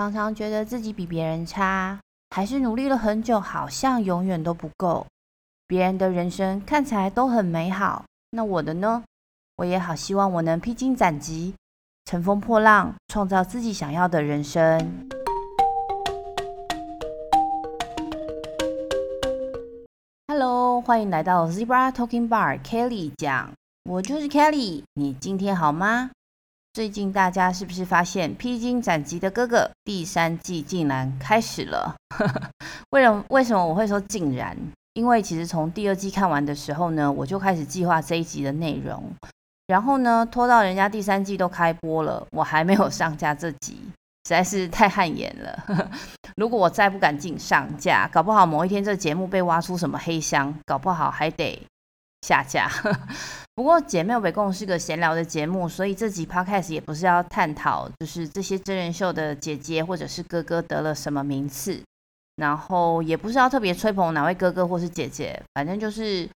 常常覺得自己比別人差，還是努力了很久，好像永遠都不夠。別人的人生看起來都很美好，那我的呢？我也好希望我能披荊斬棘，乘風破浪，創造自己想要的人生。Hello，歡迎來到 Zebra Talking Bar，Kelly 講，我就是 Kelly，你今天好嗎？最近大家是不是發現《披荊斬棘的哥哥》第三季竟然開始了？為什麼？為什麼我會說竟然？因為其實從第二季看完的時候呢，我就開始計劃這一集的內容，然後呢，拖到人家第三季都開播了，我還沒有上架這集，實在是太汗顏了。如果我再不趕緊上架，搞不好某一天這節目被挖出什麼黑箱，搞不好還得。下架。 不過，姐妹北共是個閒聊的節目，所以這集 podcast 也不是要探討，就是這些真人秀的姐姐或者是哥哥得了什麼名次，然後也不是要特別吹捧哪位哥哥或是姐姐，反正就是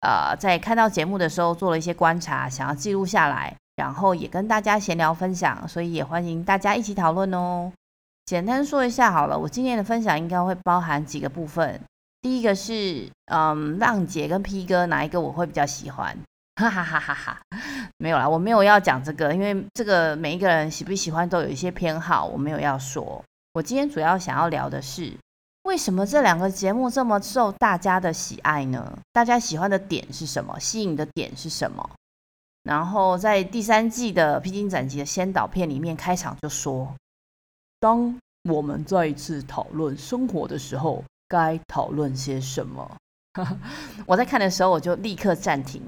呃，在看到節目的時候做了一些觀察，想要記錄下來，然後也跟大家閒聊分享，所以也歡迎大家一起討論哦。簡單說一下好了，我今天的分享應該會包含幾個部分。第一個是，嗯，浪姐跟 P 哥哪一個我會比較喜歡？哈哈哈哈哈，沒有啦，我沒有要講這個，因為這個每一個人喜不喜歡都有一些偏好，我沒有要說。我今天主要想要聊的是，為什麼這兩個節目這麼受大家的喜愛呢？大家喜歡的點是什麼？吸引的點是什麼？然後在第三季的《披荊斬棘》的先導片裡面，開場就說，當我們再一次討論生活的時候。該討論些什麼？我在看的時候，我就立刻暫停，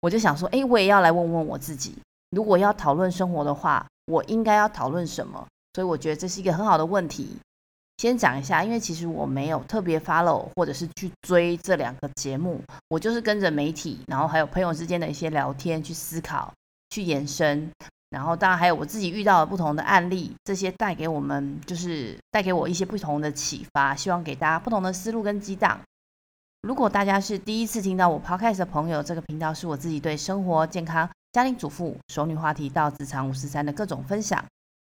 我就想說，誒，我也要來問問我自己，如果要討論生活的話，我應該要討論什麼？所以我覺得這是一個很好的問題。先講一下，因為其實我沒有特別 follow 或者是去追這兩個節目，我就是跟着媒體，然後還有朋友之間的一些聊天去思考、去延伸。然後，當然還有我自己遇到的不同的案例，這些帶給我們，就是帶給我一些不同的啟發。希望給大家不同的思路跟激盪。如果大家是第一次聽到我 Podcast 的朋友，這個頻道是我自己對生活、健康、家庭主婦、熟女話題到職場五十三的各種分享。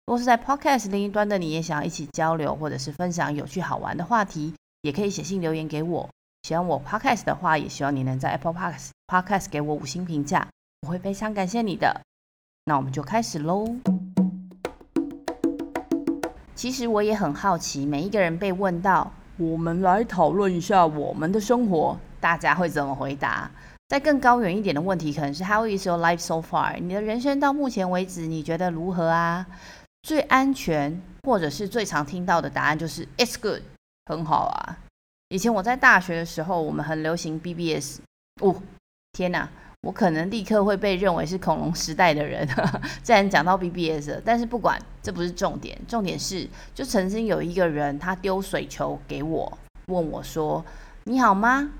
如果是在 Podcast 另一端的你也想要一起交流，或者是分享有趣好玩的話題，也可以寫信留言給我。喜歡我 Podcast 的話，也希望你能在 Apple Podcast Podcast 給我五星評價，我會非常感謝你的。那我們就開始嘍。其實我也很好奇，每一個人被問到“我們來討論一下我們的生活”，大家會怎麼回答？在更高遠一點的問題，可能是 “How is your life so far？” 你的人生到目前為止，你覺得如何啊？最安全或者是最常聽到的答案就是 “It's good”，很好啊。以前我在大學的時候，我們很流行 BBS。哦，天哪！我可能立刻會被認為是恐龍時代的人。 既然講到 BBS 了，但是不管，這不是重點，重點是，就曾經有一個人，他丟水球給我，問我說：“你好嗎？”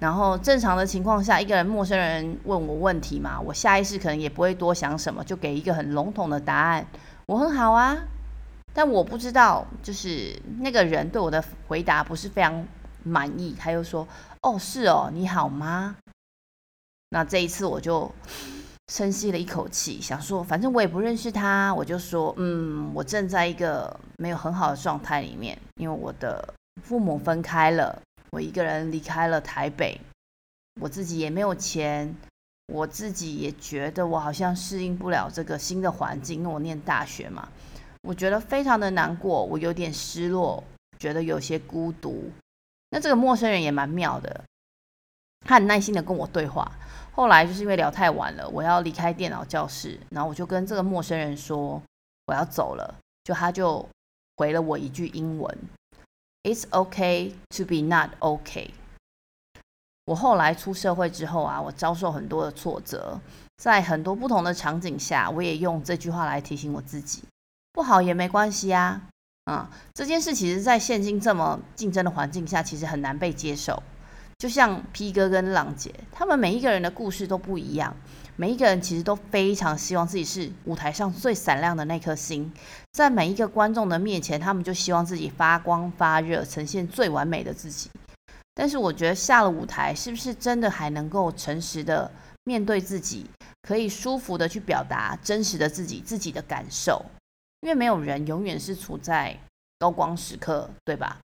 然後正常的情況下，一個人陌生人問我問題嘛，我下意識可能也不會多想什麼，就給一個很籠統的答案：“我很好啊。”但我不知道，就是那個人對我的回答不是非常滿意，他又說：“哦，是哦，你好嗎？”那這一次我就深吸了一口氣，想說反正我也不認識他，我就說，嗯，我正在一個沒有很好的狀態裡面，因為我的父母分開了，我一個人離開了台北，我自己也沒有錢，我自己也覺得我好像適應不了這個新的環境，因為我念大學嘛，我覺得非常的難過，我有點失落，覺得有些孤獨。那這個陌生人也蠻妙的。他很耐心的跟我對話，後來就是因為聊太晚了，我要離開電腦教室，然後我就跟這個陌生人說我要走了，就他就回了我一句英文，It's okay to be not okay。我後來出社會之後啊，我遭受很多的挫折，在很多不同的場景下，我也用這句話來提醒我自己，不好也沒關係啊，啊、嗯，這件事其實，在現今這麼競爭的環境下，其實很難被接受。就像披哥跟浪姐，他們每一個人的故事都不一樣，每一個人其實都非常希望自己是舞台上最閃亮的那顆星，在每一個觀眾的面前，他們就希望自己發光發熱，呈現最完美的自己。但是我覺得下了舞台，是不是真的還能夠誠實的面對自己，可以舒服的去表達真實的自己、自己的感受？因為沒有人永遠是處在高光時刻，對吧？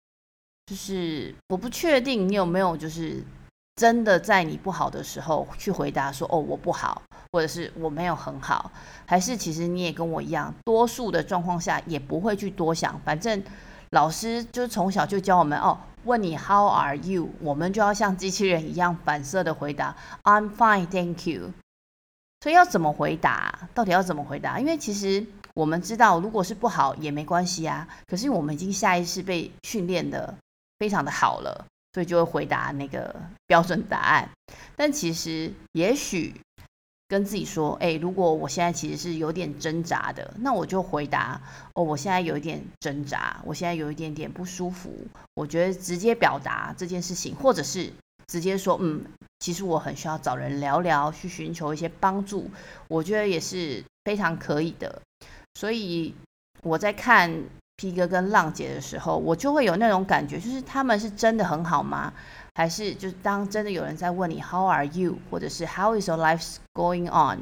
就是我不確定你有沒有，就是真的在你不好的時候去回答說，哦我不好，或者是我沒有很好，還是其實你也跟我一樣，多數的狀況下也不會去多想。反正老師就是從小就教我們哦，問你 How are you，我們就要像機器人一樣反射的回答 I'm fine, thank you。所以要怎麼回答？到底要怎麼回答？因為其實我們知道，如果是不好也沒關係啊，可是我們已經下意識被訓練的。非常的好了，所以就會回答那個標準答案。但其實，也許跟自己說，欸，如果我現在其實是有點掙扎的，那我就回答，哦，我現在有一點掙扎，我現在有一點點不舒服。我覺得直接表達這件事情，或者是直接說，嗯，其實我很需要找人聊聊，去尋求一些幫助，我覺得也是非常可以的。所以我在看。披哥跟浪姐的時候，我就會有那種感覺，就是他們是真的很好嗎？還是就是當真的有人在問你 “How are you” 或者是 “How is your life going on”，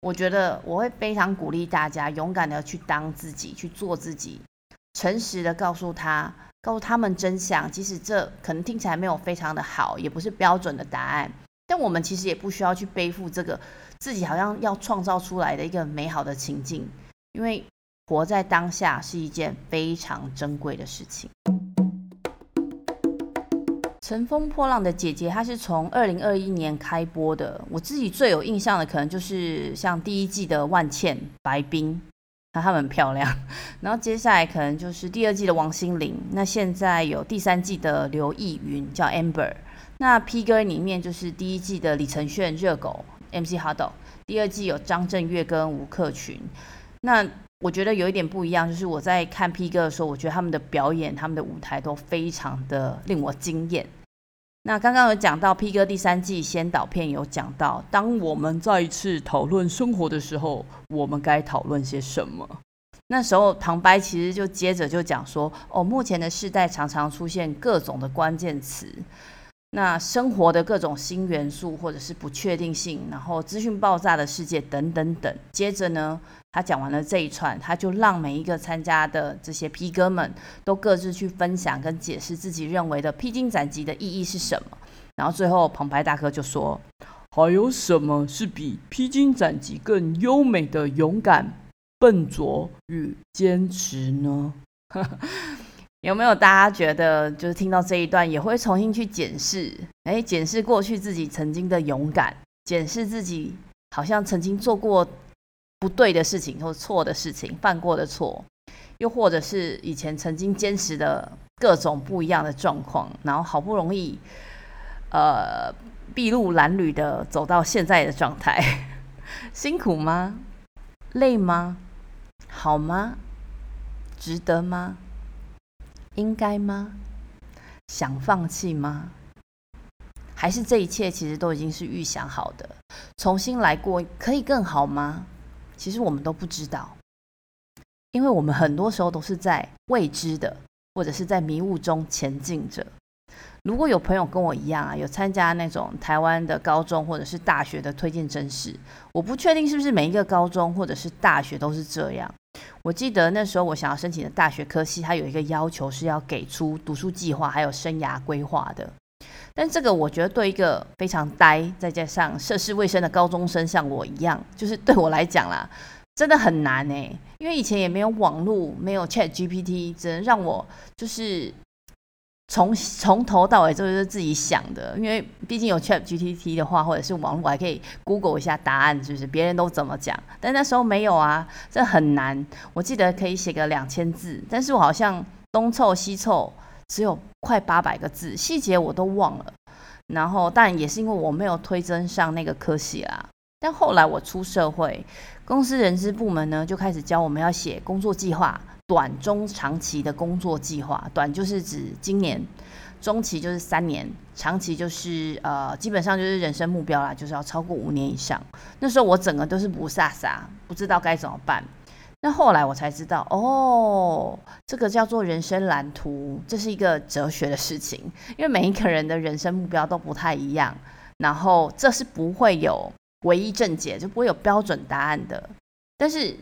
我覺得我會非常鼓勵大家勇敢的去當自己，去做自己，誠實的告訴他，告訴他們真相。即使這可能聽起來沒有非常的好，也不是標準的答案，但我們其實也不需要去背負這個自己好像要創造出來的一個美好的情境，因為，活在當下是一件非常珍貴的事情。乘風破浪的姐姐，她是從二零二一年開播的。我自己最有印象的，可能就是像第一季的萬茜、白冰，啊，她們很漂亮。然後接下來可能就是第二季的王心凌。那現在有第三季的劉逸雲，叫 Amber。那披哥裡面就是第一季的李承鉉、熱狗、MC Hotdog。第二季有張震岳跟吳克群。那我覺得有一點不一樣，就是我在看披哥的時候，我覺得他們的表演、他們的舞台都非常的令我驚艷。那剛剛有講到披哥第三季先導片有講到，當我們再一次討論生活的時候，我們該討論些什麼？ 那時候旁白其實就接着就講說：“哦，目前的世代常常出現各種的關鍵詞。”那生活的各種新元素，或者是不確定性，然後資訊爆炸的世界，等等等。接着呢，他講完了這一串，他就讓每一個參加的這些 P 哥們都各自去分享跟解釋自己認為的披荊斬棘的意義是什麼。然後最後，旁白大哥就說：“還有什麼是比披荊斬棘更優美的勇敢、笨拙與堅持呢？” 有沒有大家覺得就是聽到這一段也會重新去檢視？哎，檢視過去自己曾經的勇敢，檢視自己好像曾經做過不對的事情或錯的事情，犯過的錯，又或者是以前曾經堅持的各種不一樣的狀況，然後好不容易呃篳路藍縷的走到現在的狀態， 辛苦嗎？累嗎？好嗎？值得嗎？應該嗎？想放棄嗎？還是這一切其實都已經是預想好的？重新來過可以更好嗎？其實我們都不知道，因為我們很多時候都是在未知的，或者是在迷霧中前進着。如果有朋友跟我一樣啊，有參加那種台灣的高中或者是大學的推薦甄試，我不確定是不是每一個高中或者是大學都是這樣。我記得那時候我想要申請的大學科系，它有一個要求是要給出讀書計劃還有生涯規劃的，但這個我覺得對一個非常呆再加上涉世未深的高中生像我一樣，就是對我來講啦，真的很難呢、欸。因為以前也沒有網絡，沒有 Chat GPT，只能讓我就是。從從頭到尾就是自己想的，因為畢竟有 Chat GPT 的話，或者是網絡還可以 Google 一下答案，是不是？別人都怎麼講？但那時候沒有啊，這很難。我記得可以寫個兩千字，但是我好像東湊西湊，只有快八百個字，細節我都忘了。然後，但也是因為我沒有推甄上那個科系啦、啊。但後來我出社會，公司人事部門呢就開始教我們要寫工作計劃，短、中、長期的工作計劃。短就是指今年，中期就是三年，長期就是呃，基本上就是人生目標啦，就是要超過五年以上。那時候我整個都是霧煞煞，不知道該怎麼辦。那後來我才知道，哦，這個叫做人生藍圖，這是一個哲學的事情，因為每一個人的人生目標都不太一樣，然後這是不會有。唯一正解，就不會有標準答案的，但是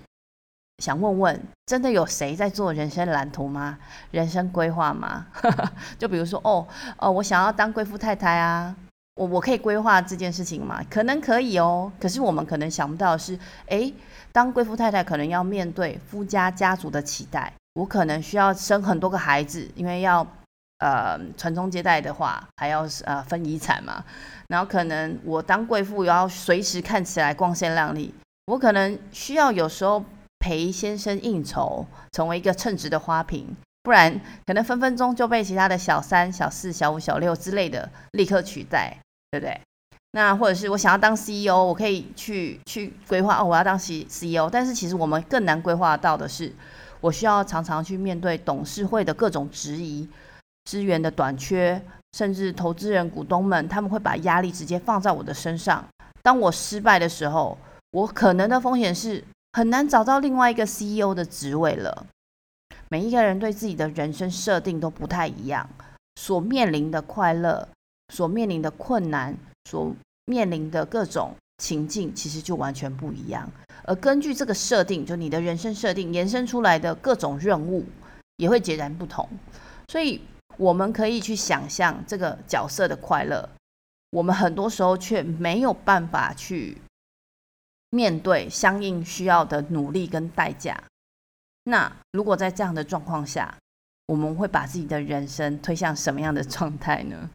想問問，真的有誰在做人生藍圖嗎？人生規劃嗎？ 就比如說，哦，哦，我想要當貴婦太太啊，我我可以規劃這件事情嗎？可能可以哦，可是我們可能想不到的是，哎、欸，當貴婦太太可能要面對夫家家族的期待，我可能需要生很多個孩子，因為要。呃，傳宗接代的話，還要呃分遺產嘛。然後可能我當貴婦，又要隨時看起來光鮮亮麗。我可能需要有時候陪先生應酬，成為一個稱職的花瓶，不然可能分分鐘就被其他的小三、小四、小五、小六之類的立刻取代，對不對？那或者是我想要當 CEO，我可以去去規劃哦，我要當 C CEO。但是其實我們更難規劃到的是，我需要常常去面對董事會的各種質疑。資源的短缺，甚至投資人、股東們，他們會把壓力直接放在我的身上。當我失敗的時候，我可能的風險是很難找到另外一個 CEO 的職位了。每一個人對自己的人生設定都不太一樣，所面臨的快樂、所面臨的困難、所面臨的各種情境，其實就完全不一樣。而根據這個設定，就你的人生設定延伸出來的各種任務，也會截然不同。所以，我們可以去想象這個角色的快樂，我們很多時候卻沒有辦法去面對相應需要的努力跟代價。那如果在這樣的狀況下，我們會把自己的人生推向什麼樣的狀態呢？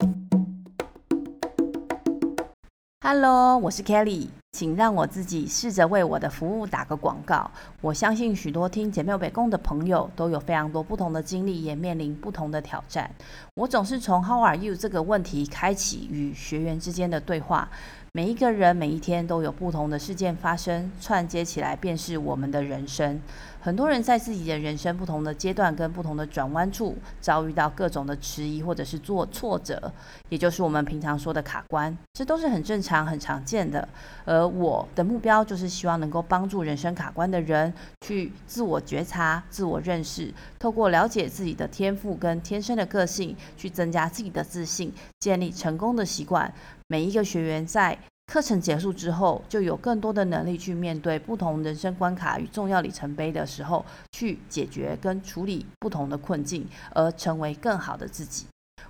Hello，我是 Kelly，請讓我自己試着為我的服務打個廣告。我相信許多聽簡妙被工的朋友都有非常多不同的經歷，也面臨不同的挑戰。我總是從 “How are you？” 這個問題開啟與學員之間的對話。每一個人每一天，都有不同的事件發生，串接起來便是我們的人生。很多人在自己的人生不同的階段跟不同的轉彎處，遭遇到各種的遲疑或者是做挫折，也就是我們平常說的卡關，這都是很正常、很常見的。而我的目標就是希望能夠幫助人生卡關的人，去自我覺察、自我認識，透過了解自己的天賦跟天生的個性，去增加自己的自信，建立成功的習慣。每一個學員在課程結束之後，就有更多的能力去面對不同人生關卡與重要里程碑的時候，去解決跟處理不同的困境，而成為更好的自己。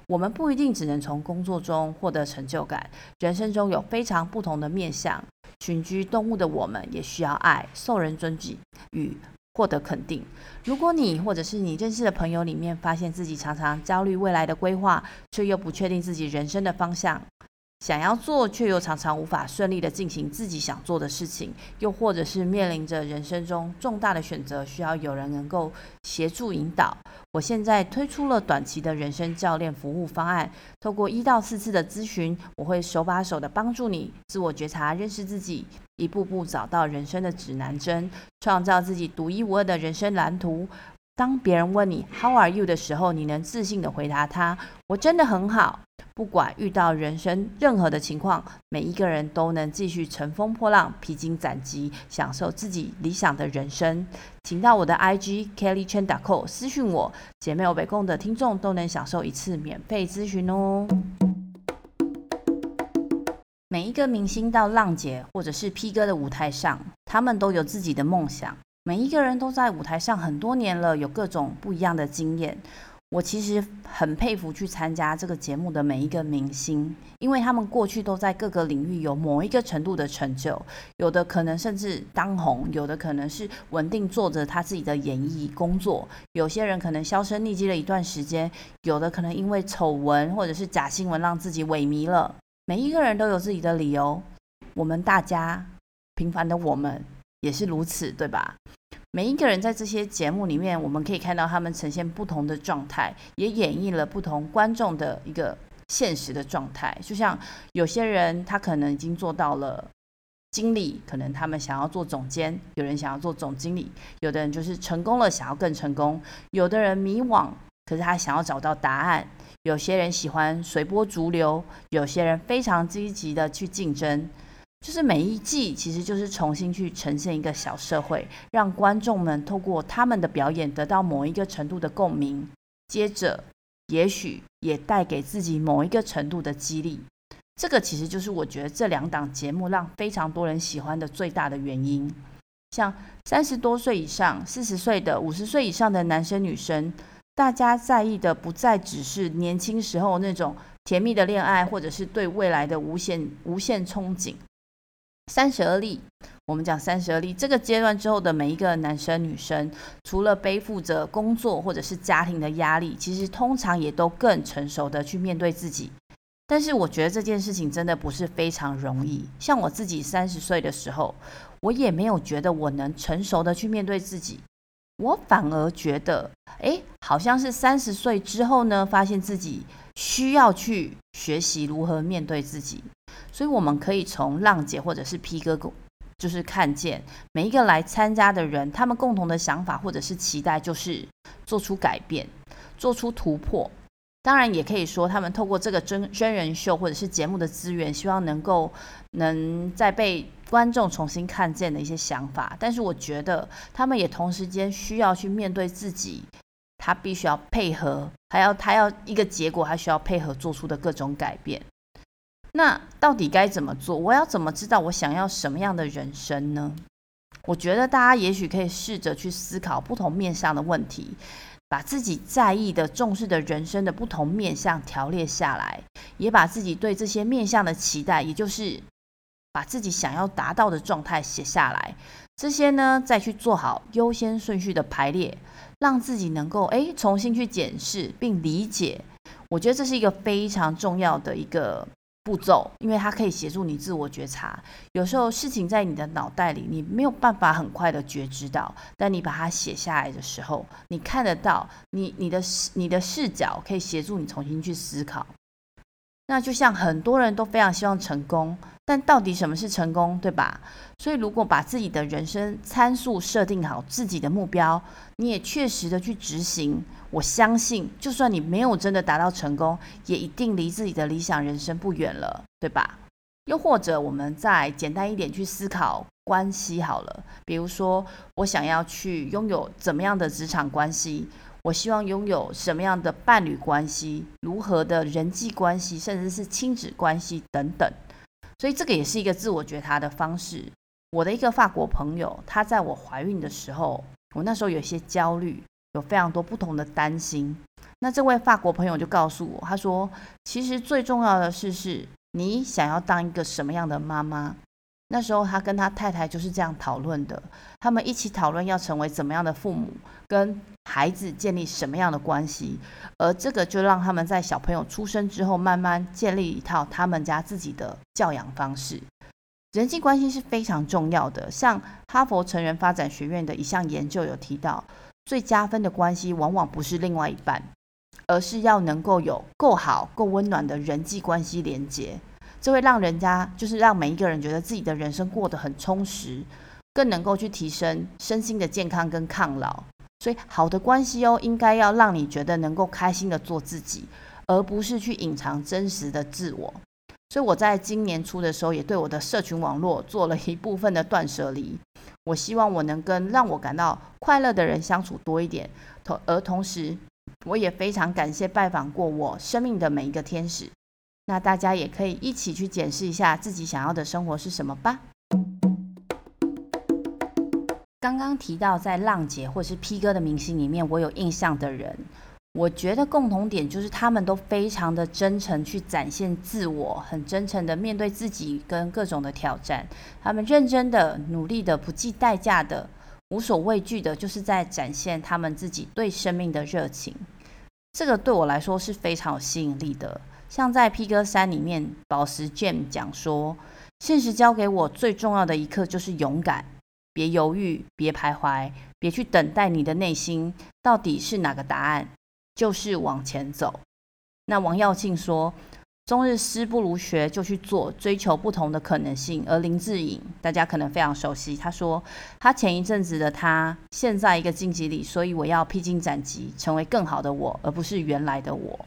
我們不一定只能從工作中獲得成就感，人生中有非常不同的面向。群居動物的我們也需要愛、受人尊敬與獲得肯定。如果你或者是你認識的朋友裡面，發現自己常常焦慮未來的規劃，卻又不確定自己人生的方向。想要做，卻又常常無法順利的進行自己想做的事情，又或者是面臨着人生中重大的選擇，需要有人能夠協助引導。我現在推出了短期的人生教練服務方案，透過一到四次的諮詢，我會手把手的幫助你自我覺察、認識自己，一步步找到人生的指南針，創造自己獨一無二的人生藍圖。當別人問你 “How are you” 的時候，你能自信的回答他：“我真的很好。”不管遇到人生任何的情況，每一個人都能繼續乘風破浪、披荊斬棘，享受自己理想的人生。請到我的 IG kellychen.co 私信我，姐妹有北供的聽眾都能享受一次免費諮詢哦。每一個明星到浪姐或者是 P 哥的舞台上，他們都有自己的夢想。每一個人都在舞台上很多年了，有各種不一樣的經驗。我其實很佩服去參加這個節目的每一個明星，因為他們過去都在各個領域有某一個程度的成就，有的可能甚至當紅，有的可能是穩定做着他自己的演藝工作，有些人可能銷聲匿跡了一段時間，有的可能因為醜聞或者是假新聞讓自己萎靡了，每一個人都有自己的理由，我們大家平凡的我們也是如此，對吧？每一個人在這些節目裡面，我們可以看到他們呈現不同的狀態，也演繹了不同觀眾的一個現實的狀態。就像有些人，他可能已經做到了經理，可能他們想要做總監；有人想要做總經理；有的人就是成功了，想要更成功；有的人迷惘，可是他想要找到答案；有些人喜歡隨波逐流；有些人非常積極地去競爭。就是每一季，其實就是重新去呈現一個小社會，讓觀眾們透過他們的表演得到某一個程度的共鳴，接着也許也帶給自己某一個程度的激勵。這個其實就是我覺得這兩檔節目讓非常多人喜歡的最大的原因。像三十多歲以上、四十歲的、五十歲以上的男生女生，大家在意的不再只是年輕時候那種甜蜜的戀愛，或者是對未來的無限、無限憧憬。三十而立，我們講三十而立這個階段之後的每一個男生女生，除了背負着工作或者是家庭的壓力，其實通常也都更成熟的去面對自己。但是我覺得這件事情真的不是非常容易。像我自己三十歲的時候，我也沒有覺得我能成熟的去面對自己，我反而覺得，誒，好像是三十歲之後呢，發現自己，需要去學習如何面對自己，所以我們可以從浪姐或者是 P 哥哥，就是看見每一個來參加的人，他們共同的想法或者是期待，就是做出改變，做出突破。當然也可以說，他們透過這個真真人秀或者是節目的資源，希望能夠能再被觀眾重新看見的一些想法。但是我覺得，他們也同時間需要去面對自己。他必須要配合，還要他要一個結果，他需要配合做出的各種改變。那到底該怎麼做？我要怎麼知道我想要什麼樣的人生呢？我覺得大家也許可以試着去思考不同面向的問題，把自己在意的、重視的人生的不同面向條列下來，也把自己對這些面向的期待，也就是把自己想要達到的狀態寫下來。這些呢，再去做好優先順序的排列。讓自己能夠誒重新去檢視並理解，我覺得這是一個非常重要的一個步驟，因為它可以協助你自我覺察。有時候事情在你的腦袋裡，你沒有辦法很快的覺知到，但你把它寫下來的時候，你看得到你，你你的視你的視角可以協助你重新去思考。那就像很多人都非常希望成功，但到底什麼是成功，對吧？所以如果把自己的人生參數設定好，自己的目標，你也確實的去執行，我相信，就算你沒有真的達到成功，也一定離自己的理想人生不遠了，對吧？又或者我們再簡單一點去思考關係好了，比如說我想要去擁有怎麼樣的職場關係。我希望擁有什麼樣的伴侶關係，如何的人際關係，甚至是親子關係等等。所以，這個也是一個自我覺察的方式。我的一個法國朋友，他在我懷孕的時候，我那時候有些焦慮，有非常多不同的擔心。那這位法國朋友就告訴我，他說：“其實最重要的事是你想要當一個什麼樣的媽媽。”那時候他跟他太太就是這樣討論的，他們一起討論要成為怎麼樣的父母，跟孩子建立什麼樣的關係，而這個就讓他們在小朋友出生之後慢慢建立一套他們家自己的教養方式。人際關係是非常重要的，像哈佛成人發展學院的一項研究有提到，最加分的關係往往不是另外一半，而是要能夠有夠好、夠溫暖的人際關係連接。這會讓人家，就是讓每一個人覺得自己的人生過得很充實，更能夠去提升身心的健康跟抗老。所以好的關係哦，應該要讓你覺得能夠開心的做自己，而不是去隱藏真實的自我。所以我在今年初的時候，也對我的社群網絡做了一部分的斷捨離。我希望我能跟讓我感到快樂的人相處多一點，同而同時，我也非常感謝拜訪過我生命的每一個天使。那大家也可以一起去檢視一下自己想要的生活是什麼吧。剛剛提到在浪姐或者是 P 哥的明星裡面，我有印象的人，我覺得共同點就是他們都非常的真誠去展現自我，很真誠的面對自己跟各種的挑戰。他們認真的、努力的、不計代價的、無所畏懼的，就是在展現他們自己對生命的熱情。這個對我來說是非常有吸引力的。像在《披哥三》裡面，寶石 Gem 講說，現實教給我最重要的一課就是勇敢，別猶豫，別徘徊，別去等待你的內心到底是哪個答案，就是往前走。那王耀慶說，終日思不如學，就去做，追求不同的可能性。而林志穎，大家可能非常熟悉，他說他前一陣子的他，陷在一個荊棘裡，所以我要披荊斬棘，成為更好的我，而不是原來的我。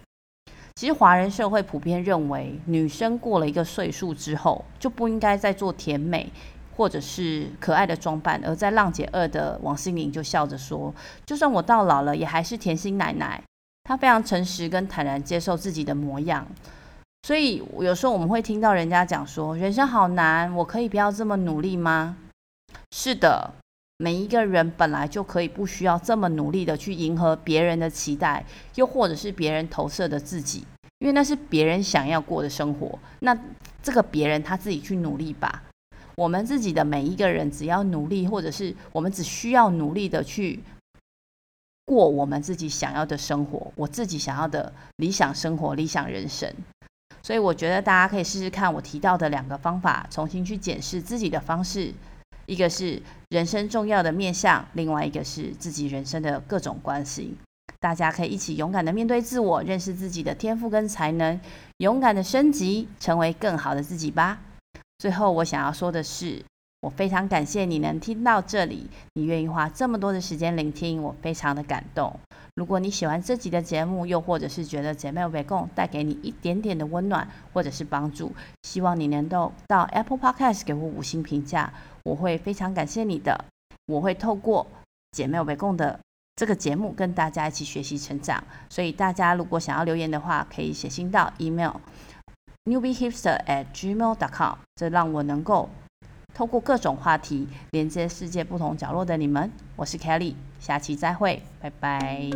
其實華人社會普遍認為，女生過了一個歲數之後，就不應該再做甜美或者是可愛的裝扮。而在《浪姐二》的王心凌就笑着說：“就算我到老了，也還是甜心奶奶。”她非常誠實跟坦然接受自己的模樣。所以有時候我們會聽到人家講說：“人生好難，我可以不要這麼努力嗎？”是的。每一個人本來就可以不需要這麼努力的去迎合別人的期待，又或者是別人投射的自己，因為那是別人想要過的生活。那這個別人他自己去努力吧。我們自己的每一個人，只要努力，或者是我們只需要努力的去過我們自己想要的生活，我自己想要的理想生活、理想人生。所以我覺得大家可以試試看我提到的兩個方法，重新去檢視自己的方式。一個是人生重要的面向，另外一個是自己人生的各種關係。大家可以一起勇敢的面對自我，認識自己的天賦跟才能，勇敢的升級，成為更好的自己吧。最後，我想要說的是，我非常感謝你能聽到這裡，你願意花這麼多的時間聆聽，我非常的感動。如果你喜歡這集的節目，又或者是覺得姐妹被共帶給你一點點的溫暖或者是幫助，希望你能夠到 Apple Podcast 給我五星評價。我會非常感謝你的。我會透過姐妹北貢的這個節目跟大家一起學習成長。所以大家如果想要留言的話，可以寫信到 email newbiehipster at gmail dot com，這讓我能夠透過各種話題連接世界不同角落的你們。我是 Kelly，下期再會，拜拜。